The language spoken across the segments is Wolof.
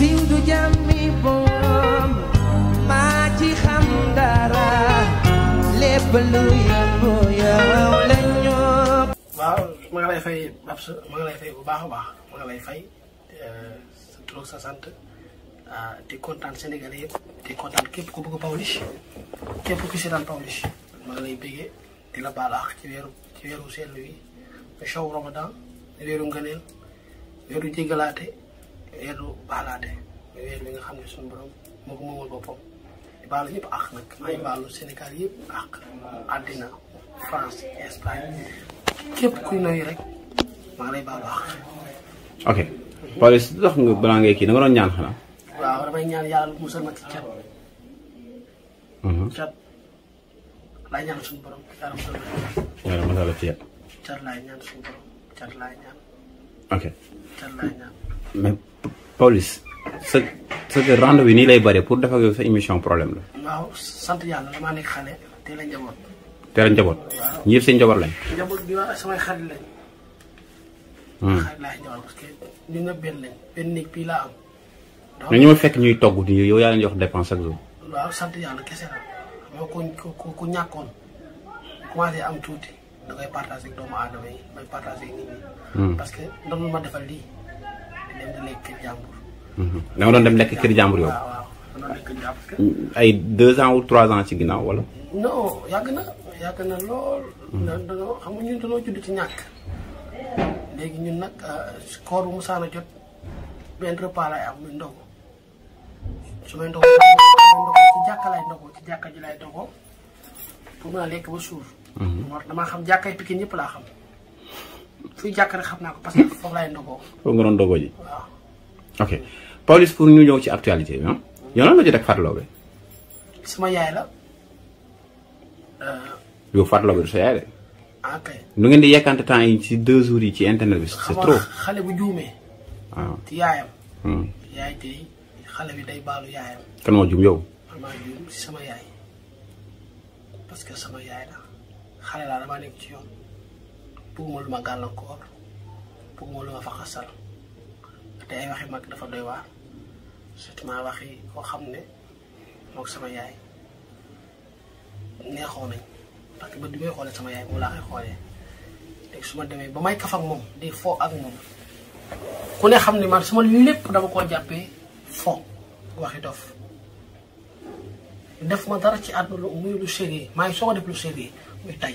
sindu jammi bom ma ci xam dara lépp lu yëngu yow di kontaan sénégalais yëpp di kontaan képp ku bëgg Pawlish képp ku si daan Pawlish ma nga lay bégee di la baal ci weeru ci weeru seetlu wi show ramadan weeru ngëneel bala de weer li nga xamné sun borom moko mo wol boppam bala ñep ak nak ay balu Sénégal ak adina France Espagne képp kuy ñoy rek ma lay baalu ak ok bala ci tax nga blangé ki da nga doon ñaan xanaa waaw damay ñaan yalla mu ma ci mhm. ñaan borom ma ci chat mais ce se que rendez-vous ni lay bari pour def ak sa émission problème la. waaw sante yalla dama nek xalé té a njabot té a njabot ñi yëpp seen njaboot lañ. njabot bi wax sama xarit lañ. hmm laa ñëwal parce que ñun ñëpp benn lañ ben nek pi la am. donc ñu ma fekk ñuy togg di yow yaa leen jox dépense chaque jour. waaw sante yalla kessé na mo ko ku ku ñàkkoon commencé am tuuti da ngay partager ak doomu adamay may partager nit ñi. Hmm. parce que ndox ma defal li dem da nga doon dem lekk kër jàmbur yow. ay deux ans ou trois ans ci ginnaaw wala. non yàgg na yàgg na lool. Hmm. xam nga ñun dañoo judd ci ñàkk. léegi ñun nag euh, koor bu mu jot benn repas am muy ndogu su may ndogu ci jàkka lay ndogu ci jàkka ji lay ndogu pour mën a lekk ba suur. Hmm. damaa xam jàkkay Pikine ñëpp laa xam. fii jàkk xam naa ko parce que foofu laay ndogoo. foofu nga doon ndogoo ji. waaw ok Pawlish pour ñu ñëw ci actualité bi ah. yow lan la jot ak Fatou Laobé. sama yaay la. Euh, yow Fatou Laobé du sa yaay de. Ah, nu ngeen di yekkante temps yi ci deux jours yi ci internet bi. c'est trop xale bu juumee. waaw ah. ci yaayam. Hmm. yaay tey xale bi day baalu yaayam. kan juum yow. man sama yaay parce que sama yaay la xale laa damaa nekk ci yoon. bëgguma lu ma gàllankoor bëgguma lu ma fa xasal te ay waxi mag dafa doy waar surtout ma waxi koo xam ne moog sama yaay neexoo nañ parce que ba du may xoolee sama yaay moom laa koy xoolee léegi su ma demee ba may kaf ak moom di fo ak moom ku ne xam ne man sama lépp dama koo jàppee foo waxi dof def ma dara ci àdduna lu muy lu sérieux maa soo soog a def lu sérieux muy tey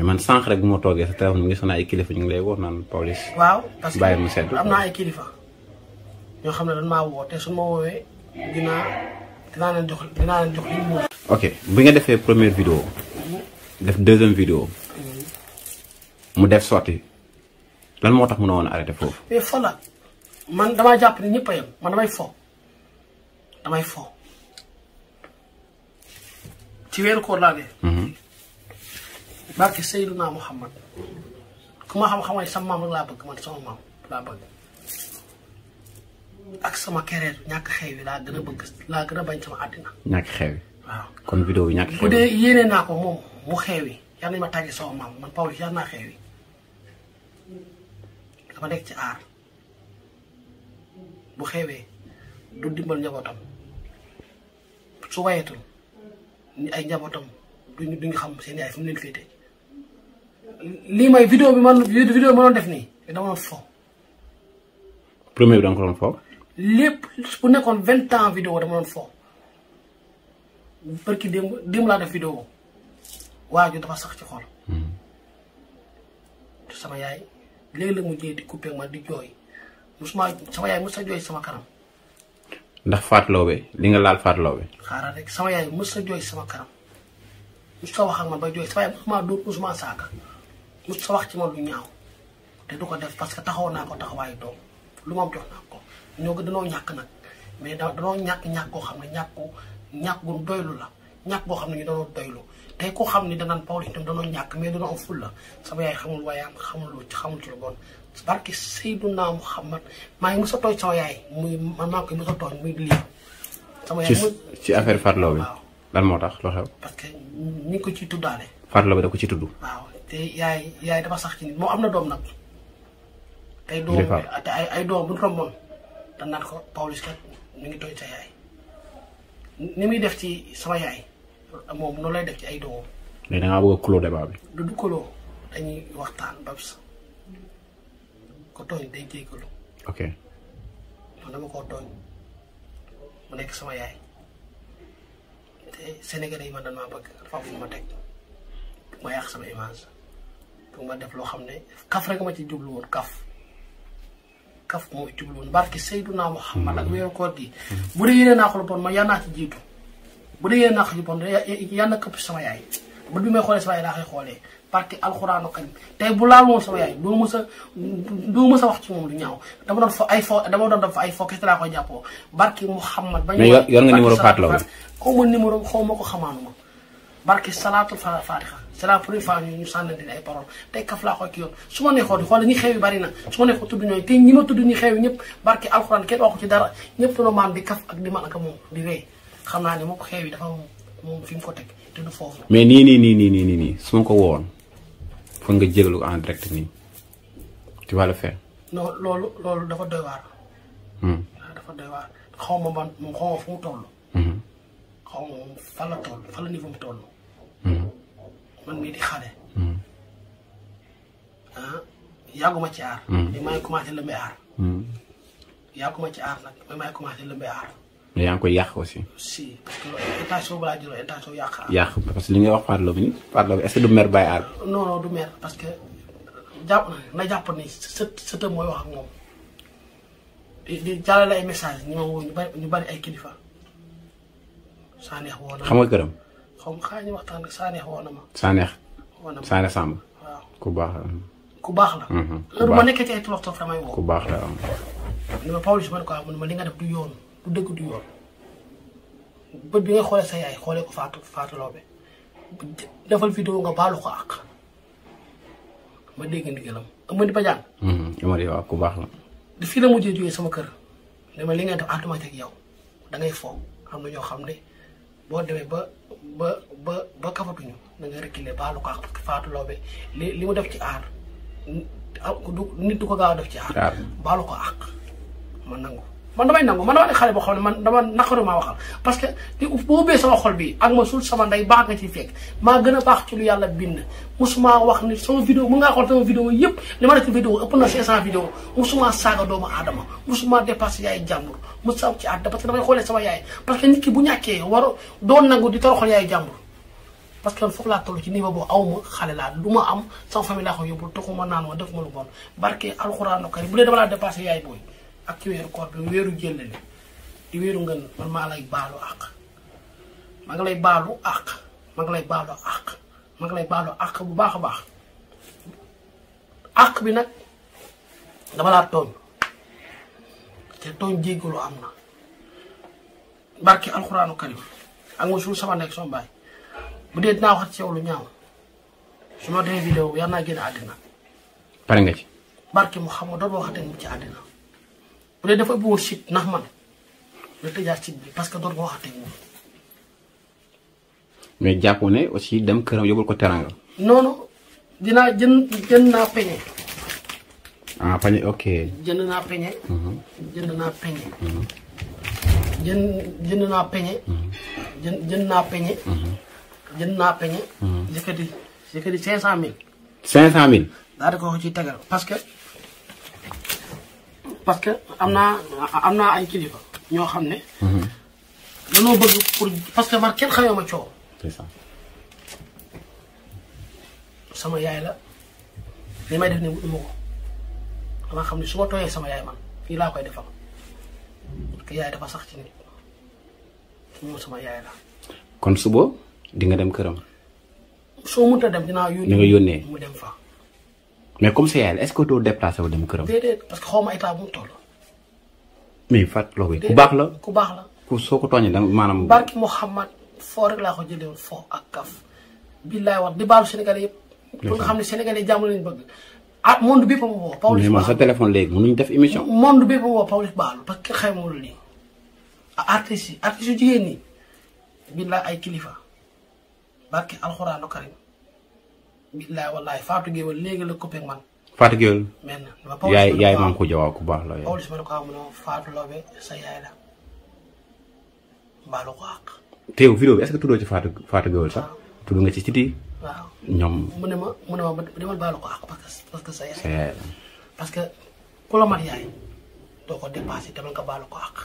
man sànq rek bu ma toogee sa téléphone mu ngi sonné ay kilifa ñu ngi lay woo naan Pawlish. waaw parce que bàyyi mu sedd am naa ay kilifa ñoo xam ne dañ maa woo te su ma woowee dinaa dinaa leen jox jox li mu ok bi nga defee première vidéo def deuxième vidéo mu def sorti lan moo tax mu a woon arrêté foofu. mais fo la man damaa jàpp ne ñëpp a yem man damay fo damay fo ci weeru koor laa dee. barke Seydina Muhammad ku ma xam-xamay sama maam laa bëgg man sama maam laa bëgg ak sama kereer ñàkk xew yi laa gën a laa gën a bañ sama àddina ñàkk xew yi waaw kon vidéo bi bu naa ko mu xew yi yal ma tàggee sama maam man Pawlish yal naa xew yi dama nekk ci aar bu xewee du dimbal njabootam su wayetul ni ay njabootam duñu duñu xam seen yaay fu mu leen féete li may video bi man video bi ma def nii dama fo. premier bi da nga ko doon fo. lépp bu nekkoon vingt ans vidéo dama doon fo barki démb démb laa def vidéo waaju dafa sax ci xol. Hmm. sama yaay léegi la mu jëyee di coupé ma di jooy musuma sama yaay musa joy sama karam. ndax Fatou be, li nga laal Fatou Laobé. xaaral rek sama yaay musa joy sama karam. mos a ma man ba jooy sama yaay mosuma do musma saaka. mu sa wax ci moom lu ñaaw te du ko def parce que taxaw naa ko waaye doom lu moom jox naa ko ñoo ko danoo ñàkk nag mais danoo ñàkk ñàkk koo xam ne ñàkku ñàkk gu doylu la ñàkk boo xam ne ñu danoo doylu tey koo xam ne danaan Pawlish itam danoo ñàkk mais danoo am ful la sama yaay xamul waayaam xamul lu xamul ci lu bon barki xam Muhammad maa ngi sa a tooñ sama yaay muy man maa ngi koy mos tooñ muy lii sama yaay si affaire farlo bi lan moo tax loo xew parce que ñu ngi ko ciy tuddaale farlo bi da ko ci tudd te yaay yaay dafa sax ci nit moo am na doom nag ay doom te ay ay doom bu romboon da naan ko Pawlish kat mi ngi tooñ sa yaay ni muy def ci sama yaay moom noonu lay def ci ay doom mais da ngaa bëgg a kuloo débat bi du du kuloo dañuy waxtaan babs ko tooñ day jéggalu ok man dama koo tooñ mu nekk sama yaay te sénégalais yi man dañ maa bëgg dafa fu ma teg ma yàq sama image pour ma def loo xam ne kaf rek ma ci jublu woon kaf kaf moo jublu woon barke Seydunaa Muhammad ak weeru koor gi mm-hmm. bu dee yéene naa ko lu bon man yaa naa ci jiitu bu dee yéene naa ko lu bon yaa na këpp sama yaay ba bi may xoolee sama yaay xoolee parce que alxuraanu kañ tey bu laal woon sama yaay doo ma a doo mës a wax ci moom lu ñaaw dama doon fa ay fo dama doon def fa ay fo kese bañ a yor nga numéro Fatou la woon. xaw ma numéro ko xamaanuma barke salaatul faatiha c'est la première fois ñu sànni di ay te tey kaf laa ko ak yoon su ma neexoon xool ñi xew bari na su ma neexoon tudd ñooñu te ñi ma tudd ñi xew yi ñëpp barke alxuraan kenn waxu ci dara ñëpp dañoo maan di kaf ak di man ak moom di wéy xam naa ne moom xew yi dafa moom fi mu ko teg te du foofu. mais nii nii nii nii nii nii su ma ko wowoon foog nga jégalu en direct nii tu vas le faire. non loolu dafa doy hmm. dafa doy waar xaw ma xaw ma fu mu toll. Hmm. xaw ma fan la toll fan niveau mu toll. Hmm. man mii di xale. Hmm. Ah, yàgguma ci aar. mais hmm. maa ngi commencé aar. yàgguma ci aar yaa ngi koy yàq aussi. si parce que intention balaa jëloo intention yàq aar. yàq parce que li ngay wax parlo bi parlo est que du mer bàyyi aar. non du mer parce que jàpp na jàpp ni sët sëtam mooy wax ak moom di jàllale ay message ñu bari ay kilifa. Saaneex woo na ma xam nga këram. xaw ma xaañu waxtaan ak Saaneex woo na ma. Saaneex. woo na ma Saaneex Samb. waaw ku baax la. ku baax la. Mhm. heure bu ma nekkee ci ay tolof tolof damay woo. ku baax la waaw. ni ma Pawlish man quoi ah, man ma li nga def du yoon du dëgg du yoon bët bi nga xoolee sa yaay xoolee ko Fatou Fatou Laobé defal vidéo nga baalu ko àq ma dégg ndigalam Amady Badiane. Mhm. Amady waaw ku baax la. fii la mujjee jógee sama kër ne ma li ngay def ànduma ak yow da ngay foog am na ñoo xam ne. boo demee ba ba ba ba kafatuñu da nga reculer baalu ko parce que Fatou li li mu def ci aar nit du ko gaaw def ci aar baalu ko àq ma nangu man damay nangu man dama ne xale boo xam ne parce que di boo bee sama xol bii ak ma suul sama ndey baax nga ci fekk maa gën a baax ci lu yàlla bind musuma wax ne sama vidéo mën ngaa xool sama vidéo yëpp li ma def ci vidéo ëpp na 500 vidéo musuma saaga doomu aadama musuma dépassé yaay jàmbur parce que bu ñàkkee war doon nangu di toroxal yaay jàmbur que foofu laa toll ci niveau boobu aw ma xale laa lu ma am sama famille laa ko yóbbul toxuma naan ma def ma lu bon barke alxuraan karim bu dee dama laa dépassé yaay booy ak wéru koor bi wéru li di wéru ngeen man ma lay balu ak ma lay balu ak ma lay balu ak ma lay balu ak bu baaxa baax ak bi nak dama la togn te togn jéggalu amna barki alquranu karim ak mo sul sama nek son bay bu dee dinaa waxat ci yow lu ñaaw suma dee vidéo yàlla naa génn àddina pare nga ci barki mu xam nga doon mu ci àddina bu dee dafa wóor sit ndax man la tëjaat ci bi parce que do nga waxate mo mais jàppoo ne aussi dem këram yobul ko teranga. non non dina jën jën na peñe. ah peñe ok. jënd na peñe. jënd na peñe. jën jënd na peñe. jën jënd naa peñe. jënd naa peñe. yëkkati yëkkati cinq cent mille. cinq cent mille. ko ci tegal parce que. parce que am naa am naa ay kilifa ñoo xam ne. dañoo bëgg pour parce que man kenn xayoo ma coow. sama yaay la li may def ni wut ma ko dama xam ne su ma tooyee sama yaay man fii laa koy defal parce que yaay dafa sax ci nit moom sama yaay la. kon suba di nga dem këram. soo mënta dem dinaa yónnee. ni nga yónnee mu dem fa. mais comme sa yaay la est-ce que doo déplacé wu dem këram. déedéet parce que xaw ma état bu mu toll. mais fàttaloo bi ku baax la ku baax la. ku soo ko tooñee da maanaam. barki Mouhamad foo rek laa ko jëlee woon foo ak kaf. billaay wax di baalu Sénégal yëpp. pour nga xam ne Sénégal yi jàmm lañ bëgg. ah monde bépp a ma woo. Pawlish Baalu mais sa téléphone léegi mënuñ def émission. monde bépp a ma woo Pawlish Baalu parce que xëy ma lii ah artistes yi artistes yu jigéen ñi billaay ay kilifa barki alxuraanu karim billahi wallahi faatu geewal léegi la coupé man faatu geewal men yaay yaay man ko jawab ku baax la yaay police man ko am no faatu lobé sa yaay la balu ko ak teew vidéo bi est ce que tudoo ci faatu faatu geewal sax tudd nga ci city waaw ñom mu ne ma mu ne ma demal balu ko ak parce parce que sa yaay parce que ku la mat yaay doo ko dépassé demal nga balu ko ak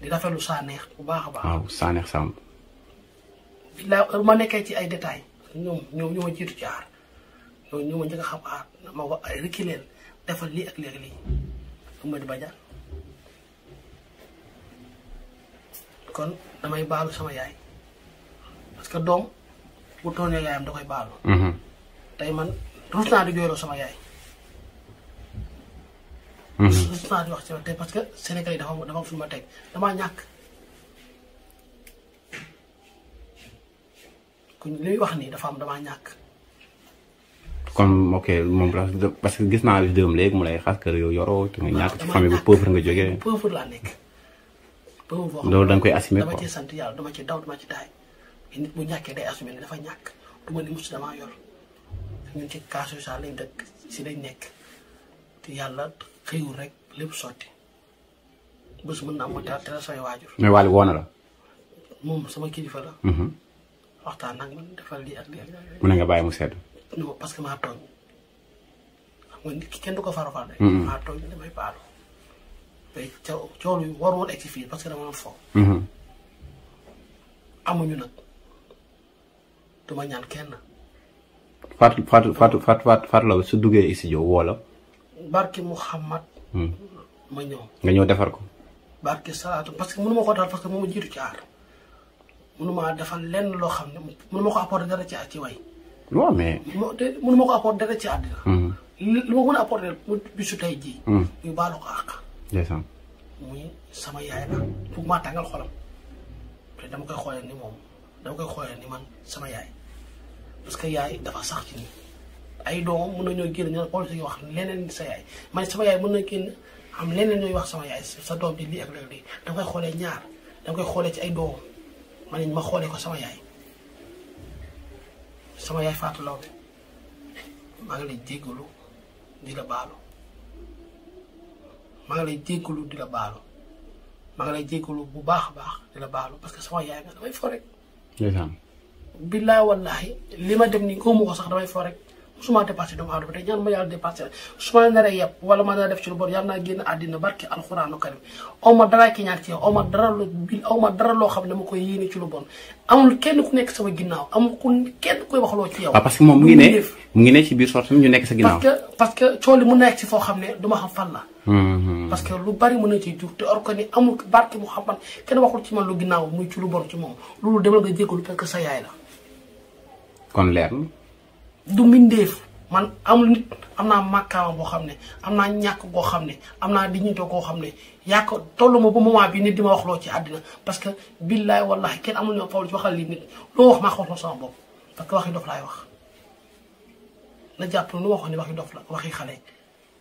di rafetlu sa neex bu baax a baax waaw sa neex sam la ma nekkee ci ay détails ñoom ñoom jiitu ci aar ñoom ñoo ma a xam aar ma wax ay rëkki defal lii ak léegi lii ma di bajaan kon damay baalu sama yaay parce que doom bu toonee yaayam da koy baalu mm-hmm. tey man rus naa di jooyloo sama yaay mm-hmm. rus naa di wax ci parce que Sénégal yi dafa dafa fu ma teg damaa ñàkk ku luy wax nii dafa am damaa ñàkk. kon ok moom parce que gis naa vidéo am léegi mu lay xas kër yow yoroo te nga ñàkk ci famille bu laa nekk. pauvre boo koy assumer quoi dama sant yàlla dama ciy daw dama ci daay bu ñàkkee day assumer ne dafa ñàkk du ma ni mos damaa yor ñun ci cas social lañ dëkk si lañ nekk te yàlla xëyul rek lépp sotti bés mën na am ma teel a teel a waajur. mais Waly woo moom sama kilifa la. Mhm. waxtaan ak man defal lii ak lii ak nga bàyyi mu sedd. non parce que maa tooñ xam nga nit ki kenn du ko farafal rek. maa tooñ damay baalu. mais coow coow lu war woon egg si fii parce que dama doon fo. amuñu nag du ñaan kenn. su barki ma nga defar ko. barki parce que mënu ma parce que ci mënuma defal lenn loo xam ne mënuma ko apporter dara ci ci way. waaw mais. mënuma ko apporter dara ci àddina. Hmm. li ma mën a apporter bisu tey jii. Hmm. ñu baalu ko àq. ndeysaan. muy sama yaay la pour maa tàngal xolam te dama koy xoolee ni moom dama koy xoolee ni man sama yaay parce que yaay dafa sax ci nii ay doomam mën nañoo génn ñu ne politique wax leneen sa yaay man sama yaay mën na génn xam leneen ñooy wax sama yaay sa doom bi lii ak lii dama koy xoolee ñaar dama koy xoolee ci ay doomam. ma ne ma xoolee ko sama yaay sama yaay Fatou Law maa ngi lay jéggalu di la baalu maa ngi lay jéggalu di la maa ngi lay jéggalu bu baax a baax di la baalu parce que sama yaay nga damay fo rek. billaay wallaahi li ma dem ni góomu ko sax damay fo rek. su ma dépassé doomu aadama te ñaan ma yàlla dépassé la su ma naree yàpp wala ma dara aw ma dara loo xam ne ma koy yéene ci lu bon amul kenn ku nekk sama ginnaaw amul ku kenn koy wax loo ci yow. waaw ah, que moom mu ngi ne mu ngi ne ci biir sortam ñu nekk sa parce que parce que cool yi xam ne du ma xam fan la. Mm-hmm. parce que lu bari mën na ci jur te or que ni amul barke mu xam man kenn waxul ci man lu ginnaaw muy ci lu bon ci moom loolu demal nga jéggalu parce que sa yaay la kon leer du mbindeef man amul nit am naa màkkaama boo xam ne am naa ñàkk goo xam ne am naa dignité goo xam ne yaa ko tollu ma ba moment bi nit di ma wax loo ci àddina parce que billaay wallahi kenn amul ñoom fawlu ci a lii nit loo wax maa ko wax sama bopp parce que waxi dof laay wax na jàpp lu waxoon ne waxi dof la waxi xale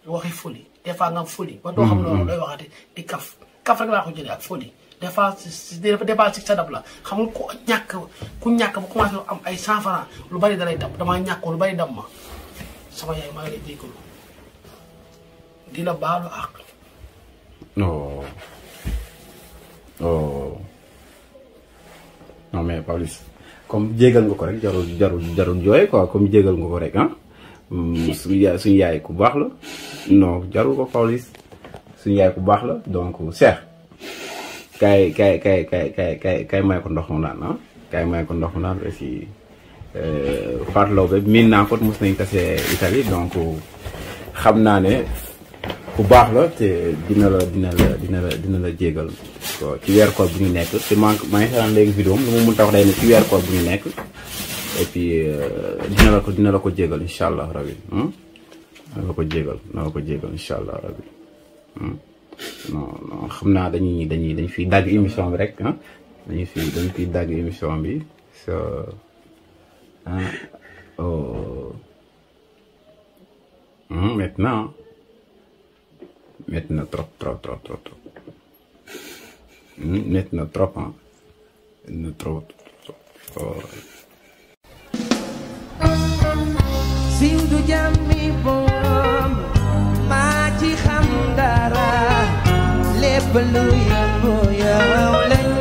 waxi folie des fois nga am folie doo xam mm-hmm. loolu looy waxati di kaf kaf rek laa ko jëlee ak folie des fois débat si sa dab la xam nga ku ñàkk ku ñàkk ba commencé am ay cent franc lu bari dalay dab damaa ñàkk lu bari dab ma sama yaay maa ngi lay déggalu di la baalu àq. non oh. non oh. non mais Pawlish comme jégal nga ko rek jarul jarul jarul jooy quoi comme jégal nga ko rek ah. suñu yaay suñu yaay ku baax la non jarul ko Pawlish suñu yaay ku baax la donc Cheikh. kay kay kay kay kay kay kay may ko ndox mu naan ah kay may ko ndox mu naan aussi euh, Fatou Laobé miin naa ko mos nañ tase Italie donc xam naa ne ku baax la te dina la dina la dina la dina la jégal ci weer koor bu ñu nekk te man maa ngi seetaan léegi vidéo lu mu mën ta wax day ne ci weer koor bu ñu nekk et puis euh, dina la ko dina la ko jégal incha allah rabi hmm? dina la ko jégal dina la ko jégal incha allah non non xam naa dañuy dañuy dañ fiy dagg émission bi rek ah dañu fi dagg émission bi so oh. hmm, maintenant ah na trop trop xam dara hallelujah, oh yeah, hallelujah.